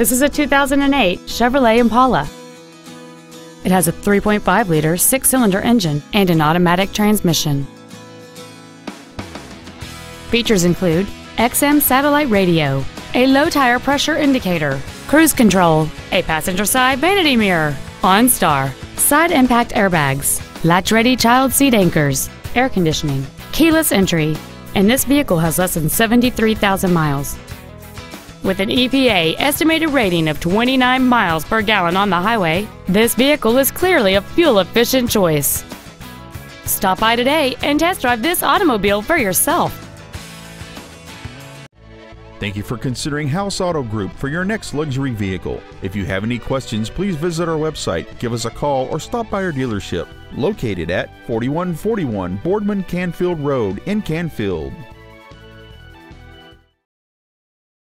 This is a 2008 Chevrolet Impala. It has a 3.5-liter six-cylinder engine and an automatic transmission. Features include XM satellite radio, a low-tire pressure indicator, cruise control, a passenger side vanity mirror, OnStar, side impact airbags, latch-ready child seat anchors, air conditioning, keyless entry, and this vehicle has less than 73,000 miles. With an EPA estimated rating of 29 miles per gallon on the highway, this vehicle is clearly a fuel-efficient choice. Stop by today and test drive this automobile for yourself. Thank you for considering House Auto Group for your next luxury vehicle. If you have any questions, please visit our website, give us a call, or stop by our dealership located at 4141 Boardman Canfield Road in Canfield.